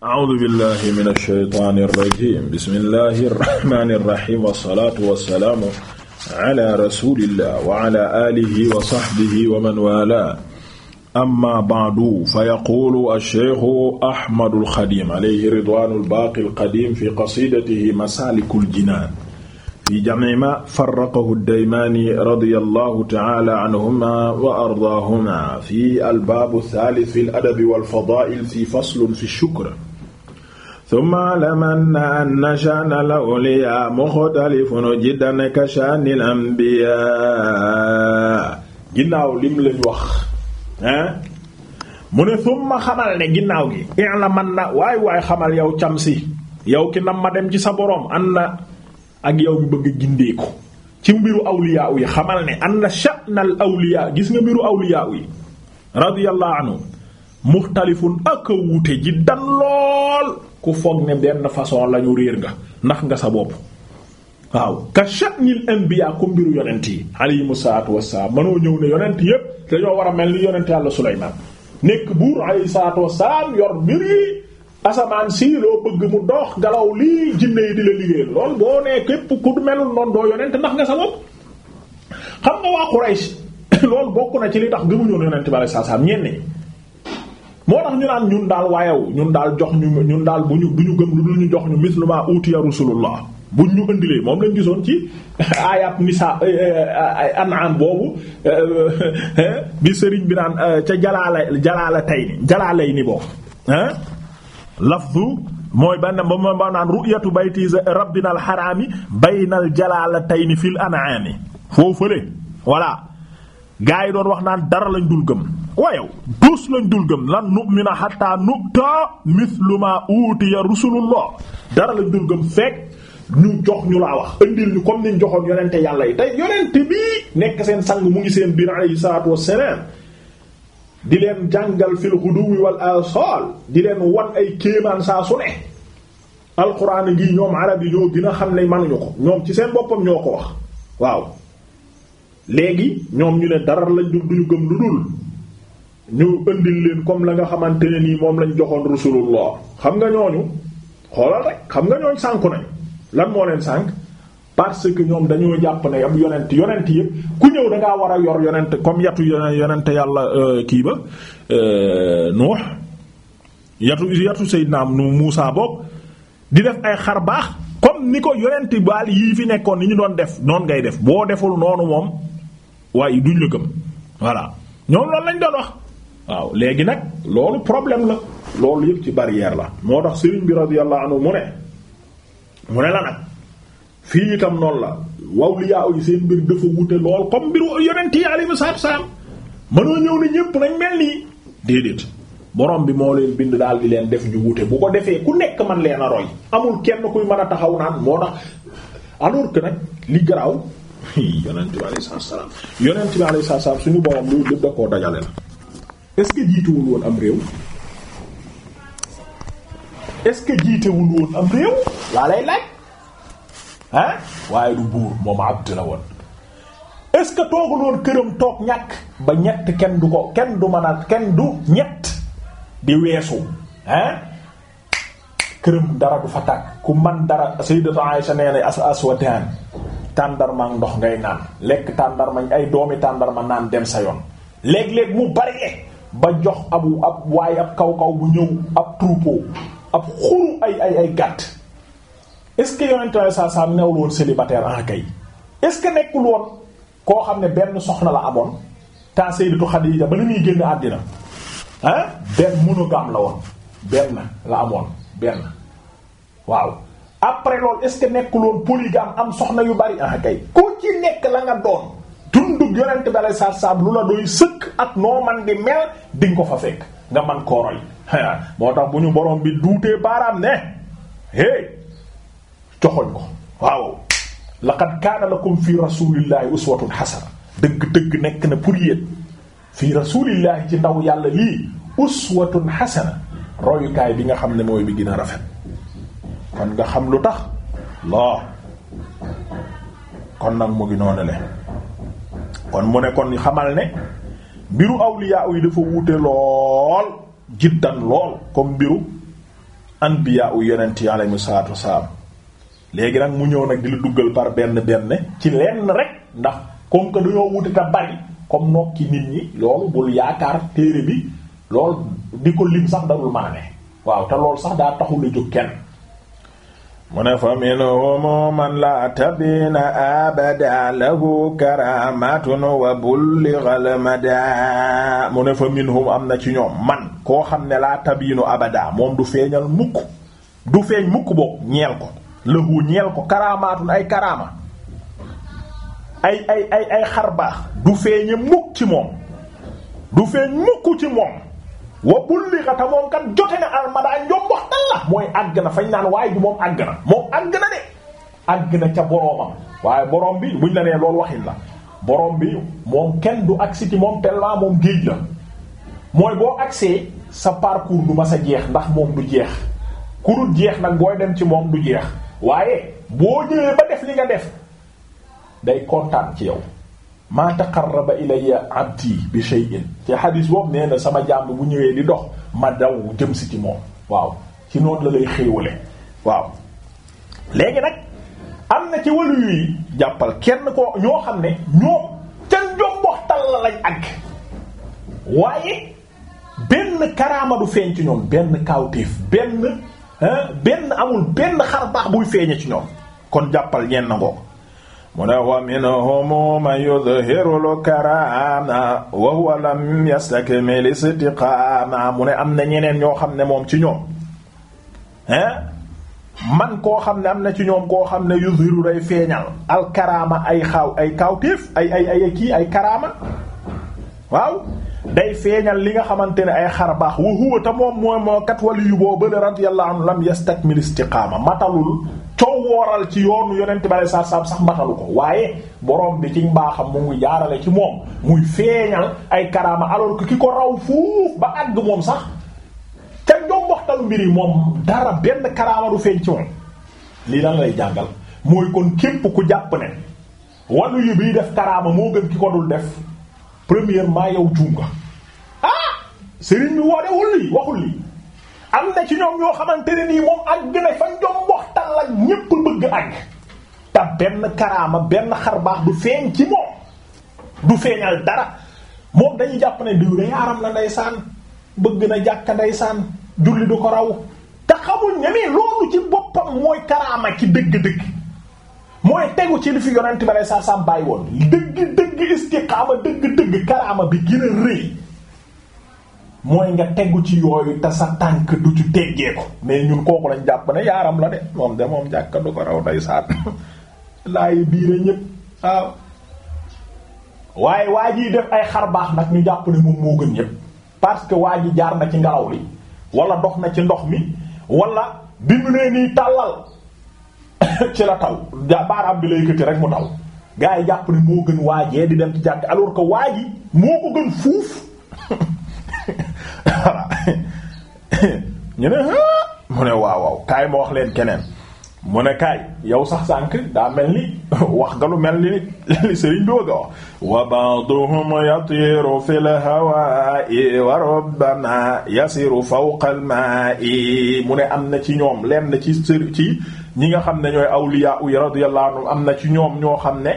a'uudu billahi mina shaytaani rajiim bismillahi rahmaani rahiim wasalaatu wasalaamu ala rasulillah wa ala aalihi wa sahbihi wa man waalaahu amma ba'du fa yaquulu ash-shaykhu Ahmadul Xadiim alayhi ridwaanul baaqil qadiim fi qasiidatihi masaalikul jinaan fi jam'i maa farraqahu ad-Daymaani radiyallahu ta'aalaa anhumaa wa ardaahumaa fi al-baab ath-thaalith fil adabi wal fadaa'il fi faslin fi ash-shukr summa lamanna anna sha'na al-awliya mukhtalifun jiddan ka sha'nil anbiya ginnaaw lim lañ wax ah mu ne summa xamal ne ginnaaw gi i'lamanna waay waay xamal yow camsi yow ki nam dem ci sa boroom anna ak yow bi bëgg gindeeku ci mbiru awliya yi xamal ne anna sha'na al-awliya gis nga mbiru awliya yi radiyallahu anhu mukhtalifun ak wuute jiddan lool ku foog ne benn façon la ñu réer nga ndax nga sa bopp waaw ka sha'nil anbiya ku mbiru yonent yi alayhimu salaatu wassalaam mënoo ñëw ne yonent yépp dañoo war a mel ni yonent yàlla Sulaymaan nekk buur alayhi salaatu wassalaam yor mbir asamaan si loo bëgg mu dox galaw lii jinne yi di la liggéey lool boo nee képp ku melul noonu doo yonent ndax nga sa bopp xam nga waa Quraysh loolu bokk na ci li tax gëmuñoon yonent bi alayhi salaam ñenn moo tax ñu naan ñun daal waayew ñun daal jox ñu ñun daal bu ñu du ñu gëm lu dul ñu jox ñu misluma utiya rasulullah buñ ñu indilee moom lañ gisoon ci ayat nisa eh, eh, eh, an'am boobu bi sëriñ bi naan ca jalaala jalaala tay ni jalaalay ni boobu ah lafdu mooy bann ba ba naan ru'yatu bayti rabbina al harami baynal jalaalatayn fil an'ami foofu fële voilà gaa yi doon wax naan dara lañ dul gëm waayow tous lañ dul gëm lan nu'mina hatta nu'ta mithlu ma utiya rusulullah dara lañ dul gëm fekk ñu jox ñu laa wax indil ñu comme niñ joxoon yonente yàlla yi tey yonente bii nekk seen sang mu ngi seen biir alayhi salaatu wassalaam di leen jàngal fil ghuduwi wal asal di leen wan ay kéemaan saa su ne alquran ngi ñoom arab yi ñoo gën a xam ne manuñu ko ñoom ci seen boppam ñoo ko wax waaw léegi ñoom ñu ne dara lañ duñu gëm lu dul ñu indil leen comme la nga xamante ne nii moom lañ joxoon rasulullah xam nga ñooñu xoolal rek xam nga ñooñ sànku nañ lan moo leen sànk parce que ñoom dañoo jàpp na am yonent yonent yëpp ku ñëw da ngaa war a yor yonent comme yatu yonent yàlla euh, kii ba euh, Nuux yatu yatu Seydina nu Muusaa boog di def ay xar baax comme ni ko yonent baal yii fi nekkoon ni ñu doon def noonu ngay def boo deful noonu moom waaye duñ la gëm voilà ñoom loolu lañ doon wax. waaw léegi nag loolu problème la loolu yëpp ci barrière la moo tax sëriñ bi radiyallahu anhu mu ne mu ne la nag fii itam noonu la wawliyaa yi seen mbir dafa wute lool comme mbiru yonent yi alayhi salaam mënoo ñëw ne ñépp nañ mel nii déedéet borom bi moo leen bind daal di leen def ñu wute bu ko defee ku nekk man leen a amul kenn kuy mën a taxaw naan moo tax alors que nag li garaaw yonent bi alayhi salaam yonent bi alayhi salaam suñu borom lu lépp da koo dajale la est-ce que jiitewul woon am réew est-ce que jiitewul woon am réew laa lay laaj ah waaye du buur moom abdu la woon est-ce que toogul woon këram toog ñàkk ba ñett kenn du ko kenn du mën a kenn du ñett di weesu ah këram dara du fa tàkk ku man dara sayyidatu Aisha nee na as aswadaan tàndarma ndox ngay naan lekk tàndarma ay doomi tàndarma naan dem sa yoon léeg-léeg mu bari ba jox abu ab waaye ab kaw kaw bu ñëw ab troupeau ab xuru ay ay ay gàtt est-ce que yonent ay saa saa newul woon célibataire en kay est-ce que nekkul woon koo xam ne benn soxna la amoon temps Sayyidatu Xadiija ba la ñuy génn àddina ah benn monogame la woon benn la amoon benn waaw après loolu est-ce que nekkul woon polygame am soxna yu bari en kay ku ci nekk la nga doon. dundug yonent bi alay saat saab lu la doy sëkk ak noo man di mel di nga ko fa fekk nga man kooroy moo tax bu ñu borom bi duutee baaraam ne hey coxoñ ko waaw laqad kaana lakum fi rasulillahi uswatun hasana dëgg dëgg nekk na pour yéen fi rasulillahi ci ndaw yàlla lii uswatun hasana royukaay bi nga xam ne mooy bi gën a rafet kon nga xam lu tax loo kon nag mu ngi noonu le kon mu ne kon xamal ne mbiru awliya yi dafa wuute lool jiddan lool comme mbiru anbiya u yonent yi alayhi salaatu wasalaam léegi nag mu ñëw nag di la duggal par benn benn ci lenn rek ndax comme que dañoo wute te bari comme nokki nit ñi loolu bul yaakaar téere bi lool di ko lim sax darul maane waaw te loolu sax daa taxul a jóg kenn mu ne fa minhum man la tabina abada lahu karamatun wa bullighal mada mu ne fa minhum am na ci ñoom man koo xam ne laa tabinu abada moom du feeñal mukk du feeñ mukk bokk ñeel ko lahu ñeel ko karamatun ay karama ay ay ay xar baax du feeñe mukk ci moom du feeñ mukk ci moom wa bullighata moom kat jote na almadaa njom waxtaan la mooy àgg na fañ naan waaye du moom àgg na moom àgg na de àgg na ca boroomam waaye borom bi buñ la nee loolu waxin la borom bi moom kenn du agsi ci moom tellement moom géej la mooy boo agsee sa parcours du ma sa jeex ndax moom du jeex ku dul jeex nag booy dem ci moom du jeex waaye boo ñëwee ba def li nga def day kontaan ci yow maa taqarraba ilayya abdi bi shay'in ci xadis boobu nee na sama jàmm bu ñëwee di dox ma daw jëm si ci moom waaw ci noonu la lay xéewale waaw léegi nag am na ci walu yi jàppal kenn ko ñoo xam ne ñoo kenn jomboxtal la ak waaye benn karaama feeñ ci ñoom benn kawtéef benn benn amul benn xar baax buy feeñe ci ñoom kon jàppal ñeen na ngoo mu ne wa minhum man yudhiru al-karaama wa lam yastakmil istiqaama mu ne am na ñeneen ñoo xam ne moom ci ñoom hein man koo xam ne am na ci ñoom koo xam ne yudhiru day feeñal alkaraama ay xaaw ay kawtéef ay ay ay kii ay karaama waaw day feeñal li nga xamante ne ay xar baax wa huwa te moom mooy moo kat waliyu boo bële radiyallahu anhu lam yastakmil istiqaama matalul wooral ci yoonu yonent bi saa saam sax matalu ko waaye borom bi ci mbaaxam mu ngi jaarale ci moom muy feeñal ay karaama alors que ki ko raw fuuf ba àgg moom sax ca njomboxtalu mbir yi moom dara benn karaama du feeñ ci moom lii lan lay jàngal mooy kon képp ku jàpp ne wàllu yi biy def karaama moo gën ki ko dul def premièrement yow juum nga ah sëriñ bi woodewul lii waxul lii am na ci ñoom ñoo xamante nii moom àgg na benn karaama benn xar baax du feeñ ci moom du feeñal dara moom dañuy jàpp ne diw day aram la ndeysaan bëgg na jàkka ndeysaan julli du ko raw te xamul ñemee loolu ci boppam mooy karaama ci dëgg-dëgg mooy tegu ci li fi yonent ba ndeysaan sam bàyyi bi gën a rëy nga tegu ci yooyu te sa tànk du ko mais ñun kooku lañ jàpp ne yaaram la de moom de ko raw ndeysaan laay biire ñépp waaye waa ji def ay xar baax nag ñu jàpp ne moom moo gën ñépp parce que waa yi jaar na ci ngelaw li wala dox na ci ndox mi walla bi mu nee nii tàllal ci la taw baaraam bi lay yëkkati rek mu taw gaa yi jàpp ne moo gën waajee di dem ci jàkk alors que waa ji moo ko gën fuuf ñu ne ah. mu ne waaw waaw kaay ma wax leen keneen mu ne kaay yow sax sànq daa mel ni wax nga lu mel ni li sëriñ bi bëgg a wax wa ba'duhum yatiru fil hawa'i wa rubbama yasiru fawqa al-ma'i mu ne am na ci ñoom leen na ci sëri ci ñi nga xam ne ñooy awliya u radiyallahu anhum am na ci ñoom ñoo xam ne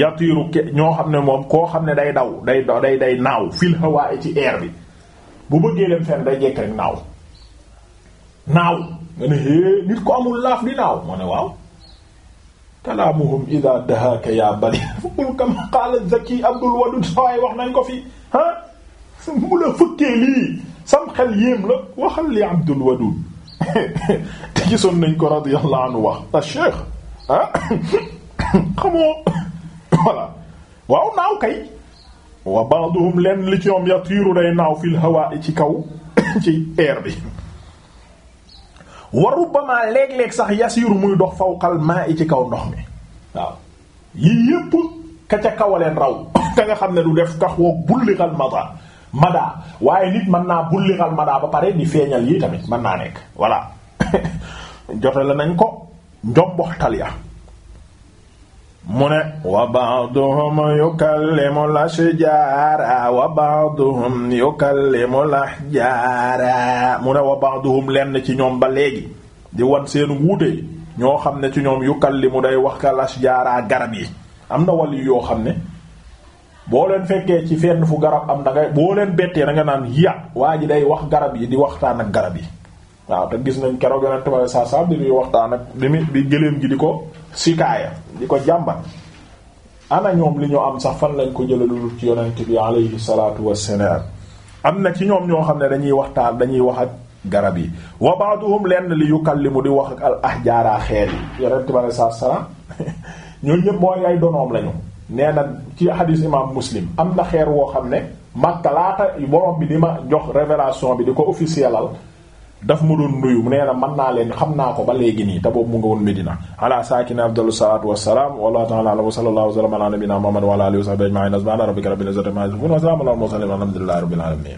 yatiru ke ñoo xam ne moom koo xam ne day daw day daw day day naaw fil hawa'i ci air bi bu bëggee leen fenn day jekk rek naaw naaw nga ne hee nit ko amul laaf di naaw ma ne waaw kalaamuhum ida dahaaka yaa bali fukul kam qaala zaki abdul wadud sawaay wax nañ ko fi ah mu la fëkkee lii sam xel yéem la waxal li abdul wadud te gisoon nañ ko radiyallahu anhu wax a ah, cheikh ah xamoo voilà waaw naaw kay wa ba'duhum leen li ci yom yatiiru day naaw fil hawa'i ci kaw ci air bi wa rubbama léeg-léeg sax yasiru muy dox faw fawqal maa'i ci kaw ndox mi waaw yii yépp ka ca kawaleen raw ka nga xam ne du def tax woog bulligal mada mada waaye nit mën naa bulligal mada ba pare di feeñal yi tamit mën naa nekk voilà jote nañ ko njomboxtal ya mu ne wa ba'duhum yukallimu al-ashjaara wa ba'duhum yukallimu al-ahjaara mu ne wa lenn ci ñoom ba léegi di wan seen wuute ñoo xam ne ci ñoom yukallimu day wax ka al garab yi am na wàll yoo xam ne boo leen fekkee ci fenn fu garab am da ngay boo leen bettee da nga naan ya waa ji day wax garab yi di waxtaan ak garab yi waaw te gis nañ keroog yonent bi saa saa bi muy waxtaan ak bi muy bi gëléem gi di ko sikaaya di ko jàmbat ana ñoom li ñu am sax fan lañ ko jëlee lu ci yonent bi alayhi salaatu wassalaam am na ci ñoom ñoo xam ne dañuy waxtaan dañuy wax ak garab yi wa ba'duhum lenn li yukallimu di wax ak al ahjaara xeer yi yonent bi alayhi salaatu wassalaam ñooñu ñëpp mooy ay donoom lañu nee ci hadis imam muslim am na xeer woo xam ne Makka laata borom bi di ma jox révélation bi di ko officielal daf mu doon nuyu nee na mën naa leen xam naa ko ba léegi nii te boobu mu nga woon Medina ala saakini afdalu salaatu wassalaam wallahu ta'ala a'lam wa sallallahu wa sallama ala nabiyyina muhammad wa ala alihi wa sahbihi ajma'in subhana rabbika rabbil izzati amma yasifun wa salamun ala al mursalin walhamdulillahi rabbil alamin